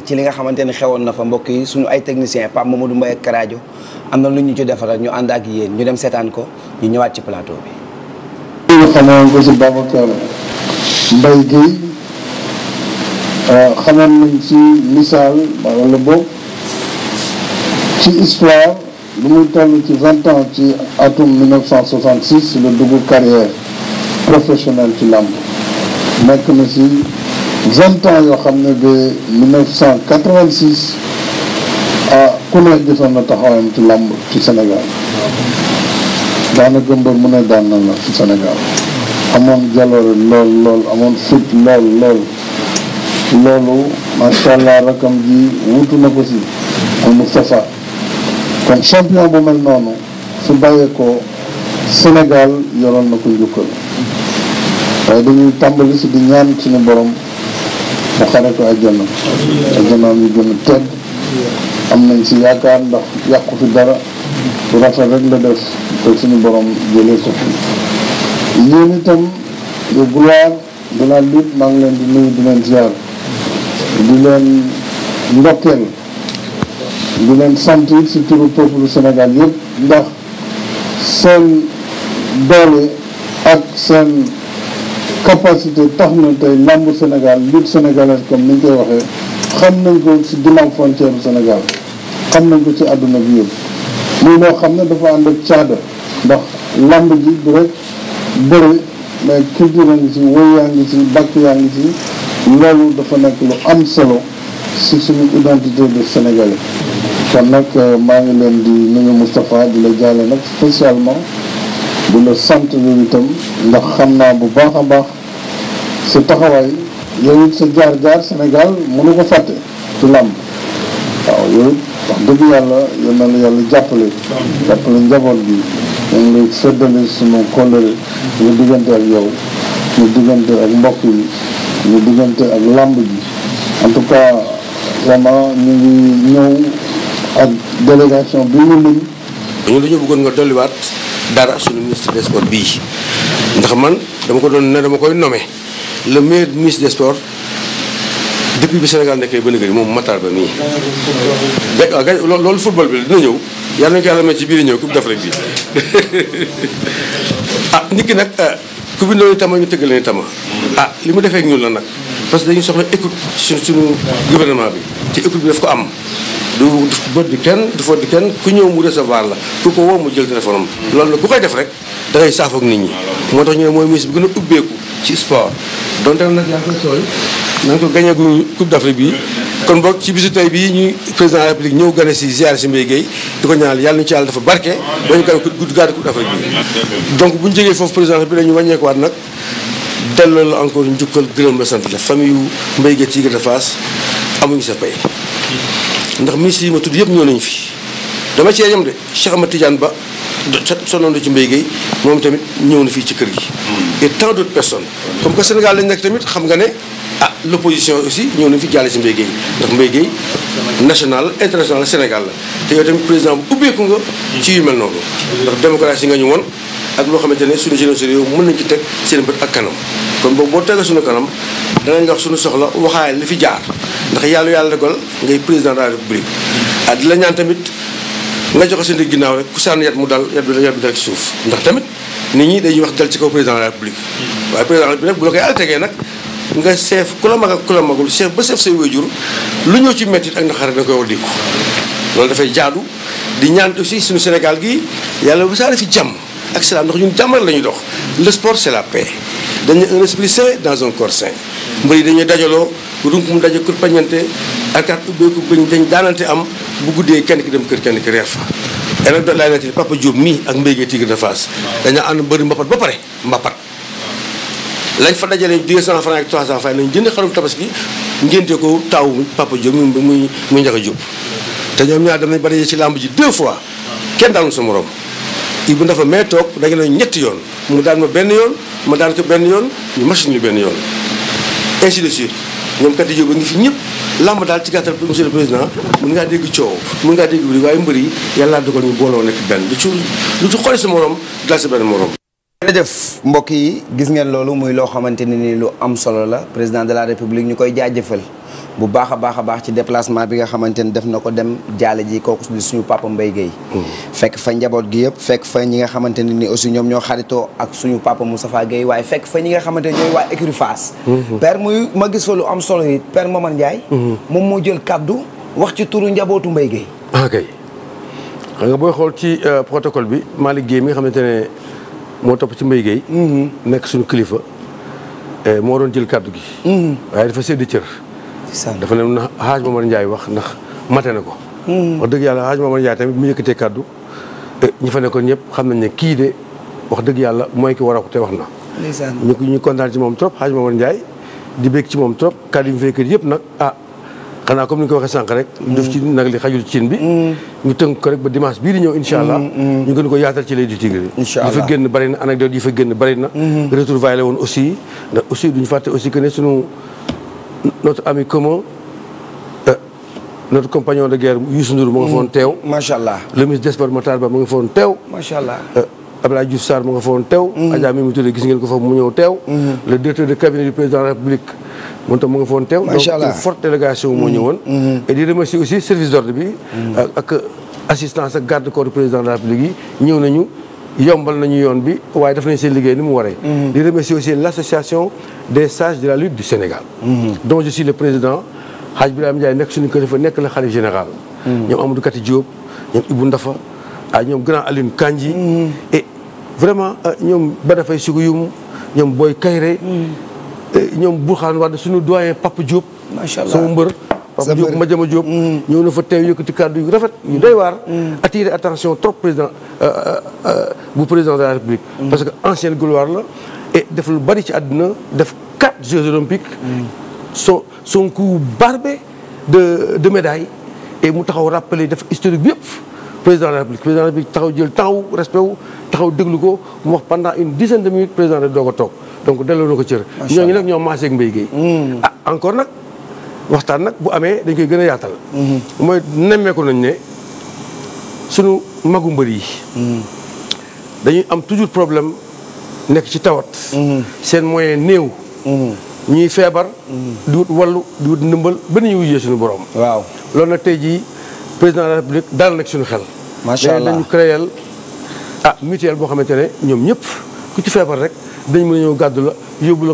ci li nga xamante ne xewoon na fa mbokk yi suñu ay technicien Pape Mamadou Mbaye ak Karajo am na lu ñu ci defaral ñu ànd ak yéen ñu dem seetaan ko ñu ñëwaat ci plateau bi ñu xamoon ko si Babacar Mbaye Guèye euh, xamoon nañ si misaal wala boog ci histoire lu muy toll ci vingt ci atum 1966 la dugg carrière professionnelle ci làmb nekk na si vingt ans xam ne ba 1986 ah ku ne gisoon na taxawaayam ci làmb ci Sénégal daanaka mbër mu ne daan na ci Sénégal amoon jaloore lool lool amoon fit lool lool loolu macha allah rakam ji wutu na ko si ak Moustapha kon champion bu mel noonu su ko Sénégal yoroon na ko njukkal waaye dañuy tàmbali si di ñaan suñu borom. mu xare ko àjjana àjjanaam yu gën am nañ si yaakaar ndax yàqu fi dara bu rafet rek la def te suñu borom jëlee ko fi yéen itam le gloire de la lutte maa ngi leen di nuyu di leen ziar di leen ndokkeel di sant it si turu peuple Sénégal yëpp ndax seen doole ak seen capacité tax na tey làmbu Sénégal lutte sénégalaise comme ni ñu koy waxee xam nañ ko si ginnaaw frontière bu Sénégal xam nañ ko ci àdduna bi yëpp muy loo xam ne dafa ànd ak caada ndax làmb ji du rek bëre mais culture yaa ngi si ngi si bàkk yaa ngi si loolu dafa nekk lu am solo si suñu identité de Sénégalais kon nag maa ngi leen di nuyu Moustapha di la jaale nag spécialement di la sant yooyu ndax xam naa bu baax a baax sa taxawaay yow sa jaar-jaar Sénégal mënu ko fàtte ci làmb waaw yow wax dëgg yàlla la yàlla jàppale jàppale njaboot bi moom lay seddale sunu kóllëre ñu diggante ak yow ñu diggante ak mbokk yi ñu diggante ak làmb ji en tout cas vraiment ñu ngi ñëw délégation bi mu lim. ñu li ñu bëggoon nga dolliwaat. dara suñu ministre des sports bii ndax man dama ko doon ne dama koy nome le meilleur ministre des sports depuis bi Sénégal nekkee ba léegi moom Matar Ba mii. dégg ah, loolu football bi dina ñëw yàlla nañu ko yàlla ci biir ñëw coupe d'Afrique bi ah nit nag ku bi noonu tama ñu tëggal leen tama ah li mu defee ak ñun la nag. parce que dañu soxla écoute su suñu gouvernement bi te écoute bi daf ko am du bët di kenn du fot di kenn ku ñëw mu recevoir la ku ko woo mu jël téléphone am loolu nag ku koy def rek da ngay saafoog nit ñi moo tax ñu ne mooy ministre bi gën a ubbeeku ci sport donte nag yaa koy tooy na nga ko gagné gu coupe d'Afrique bi kon boog ci bisu tey bii ñuy président de la république ñëw gane si ziar si Mbaye Guèye di ko ñaanal yàlla ñu ci yàlla dafa barke ba ñu gane gudd gàddu coupe d'Afrique bi bu ñu jógee foofu président bi dañu wàññeekuwaat nag delloo la encore njukkal gërëm la sant la famille yu Mbaye Gueye Tigre de amuñu sa pay ndax ministre yi ma tudd yëpp ñoo nañu fi dama cee yem de Cheikh Ahmed Tidiane Ba sonoon ci mbay Gueye moom tamit ñëw na fii ci kër gi et tant d'autres personnes comme que Sénégal lañ nekk tamit xam nga ne ah l'opposition aussi ñëw nañu fi jàlle si mbay Gueye ndax Mbaye Gueye national international Sénégal la te yow tamit président bu ubbeeku nga ci yu mel noonu ndax démocratie nga ñu woon ak loo xamante ne suñu jeunesse yooyu mën nañ ci teg seen bët ak kanam kon boobu boo tegee suñu kanam danañ wax suñu soxla waxaale li fi jaar ndax yàlla yàlla dogal ngay président de la république ah la ñaan tamit nga joxe seen ginnaaw rek ku sànni yat mu dal yat bi ci suuf ndax tamit nit ñi dañuy wax dal ci kaw président la république hmm. waaye président de tegee nag nga seef ku la mag ak ku la magul seef ba seef say wéjur lu ñëw ci mettit ak naqar da koy war loolu dafay jaadu di ñaan aussi suñu Sénégal gi yàlla saa wasaare fi jàmm ak salaam ndax ñun jàmmal la ñuy dox le sport c'est la paix dañu un esprit sain dans un corps sain mbër yi dañuy dajaloo runkum daje kur pañante alkaat ubbeeku bañ dañ daanante am bu guddee kenn ki dem kër kenn ki reer fa elnag do laay nati Papa Diop mii ak mbéygee Tigre de Fass dañaa ànd mbëri mbapat ba pare mbapat lañ fa dajale 200 francs ak 300 francs lañ jënd xarum tabaski ngénte ko taw Papa Diop mu muy muy Ndiaga Diop te ñoom ñaar dem nañ ba daje ci làmb ji deux fois kenn daanul sa morom Ibou Ndafa mee toog daje na ñetti yoon mu daan ma benn yoon ma daan ko benn yoon ñu machine ñu benn yoon ainsi de suite ñoom kat yi ba ngi fi ñëpp làmb daal ci gàttal monsieur le président mën ngaa dégg coow mën ngaa dégg wuri waaye mbër yi yàlla dogal ñu booloo nekk benn lu ci lu ci xoole sa morom dal sa benn morom jërëjëf mbokk yi gis ngeen loolu muy loo xamante ne ni lu am solo la président de la république ñu koy jaajëfal bu baax a baax a baax ci déplacement bi nga xamante ne def na ko dem jaale ji kooku di suñu papa Mbaye Guèye mm. fekk fa njaboot gi yëpp fekk fa ñi nga xamante ne ni aussi ñoom ñoo xaritoo ak suñu papa Moustapha Guèye waaye fekk fa ñi nga xamante ne ñooy waa écurie Fass mm-hmm. père muy ma gis am solo yi père Momar Ndiaye mm-hmm. moom moo jël kaddu wax ci turu njabootu mbay Guèye ok ah, xam nga booy xool ci euh, protocole bi Malick Guèye mi nga xamante ne moo topp ci mbay Guèye mm-hmm. suñu kilifa euh, moo doon jël kaddu gi waaye dafa seddi cër dafa ne xaaj Momar Ndiaye wax ndax mate na ko. Hmm. wax dëgg yàlla xaaj Momar Ndiaye tamit mu yëkkatee kàddu ñi fa nekkoon ñëpp xam nañ ne kii de wax dëgg yàlla a ko na. ñu ñu kontaan ci moom trop xaaj Momar Ndiaye di ah, ni ko waxee sànq rek. Hmm. def li xajul cin bi. Hmm. ñu tënk ko rek ba dimanche bii di ñëw incha allah. ñu gën ko yaatal ci lay di tigre. incha allah fa génn bari na anecdote yi fa génn bari na. la woon aussi. ndax aussi duñu fàtte aussi que ne sunu notre ami commun euh, notre compagnon de guerre Youssou Ndour mu nga foon mm. teew. le ministre des sports Matar Ba mu nga foon teew. macha allah euh, Abdoulaye Diouf Sarr mu nga foon teew. Mm. Adja Mimi Touré gis ngeen ko foofu mu ñëw teew. Mm. le directeur de cabinet du président de la République moom tam mu nga foon teew. macha allah donc une forte délégation moo ñëwoon. et di remercier aussi service d'ordre bi. Euh, ak assistance ak garde corps du président de la République yi ñëw nañu. yombal nañu yoon bi waaye def nañ seen liggéey ni mu waree. Mhm. di remercier aussi seen association des sages de la lutte du Sénégal. Mhm. dont je suis le président Hadj Birame Ndiaye nekk suñu kilifa nekk la xalif général. Mhm. ñoom Amadou Kati Diop ñoom Ibou Ndafa ah ñoom grand Alioune Kandji. et vraiment euh, ñoom Badafay Suguyum ñoom booy Kayre. ñoom Bourkhane Wade suñu doyen pap Diop. macha allah sama mbër. Papa Diop Madiama Diop. ñëw na fa teew yëkkati kàddu yu rafet yu doy waar. attirer attention trop président. Euh, euh, bu président de la république. Mm. parce que ancienne gloire la. et def lu bari ci àdduna def quatre Jeux olympiques. Mm. son son coup barbé de de médaille. et mu taxaw rappeler def historique bi yëpp président de la république président de la république taxaw jël temps respect wu taxaw déglu ko mu wax pendant une dizaine de minutes président de doog a toog donc delloo na ko cër. macha allah nag ñoo maasee ak Mbaye Guèye. Mm. ah encore nag waxtaan nag bu amee dañ koy gën a yaatal. Mm-hmm. mooy nemmeeku nañ ne sunu yi. dañuy am toujours problème nekk ci tawat. Mhm. seen moyen néew. Mhm. ñuy feebar. Mhm. di wut wallu di wut ndimbal ba ni ñu wujjee suñu borom. waaw loolu nag tey jii président de la république dal nag suñu xel. macha allah dañu créel ah mutuelle boo xamante ne ñoom ñëpp ku ci feebar rek dañ mën a ñëw gàddu la yóbbu la.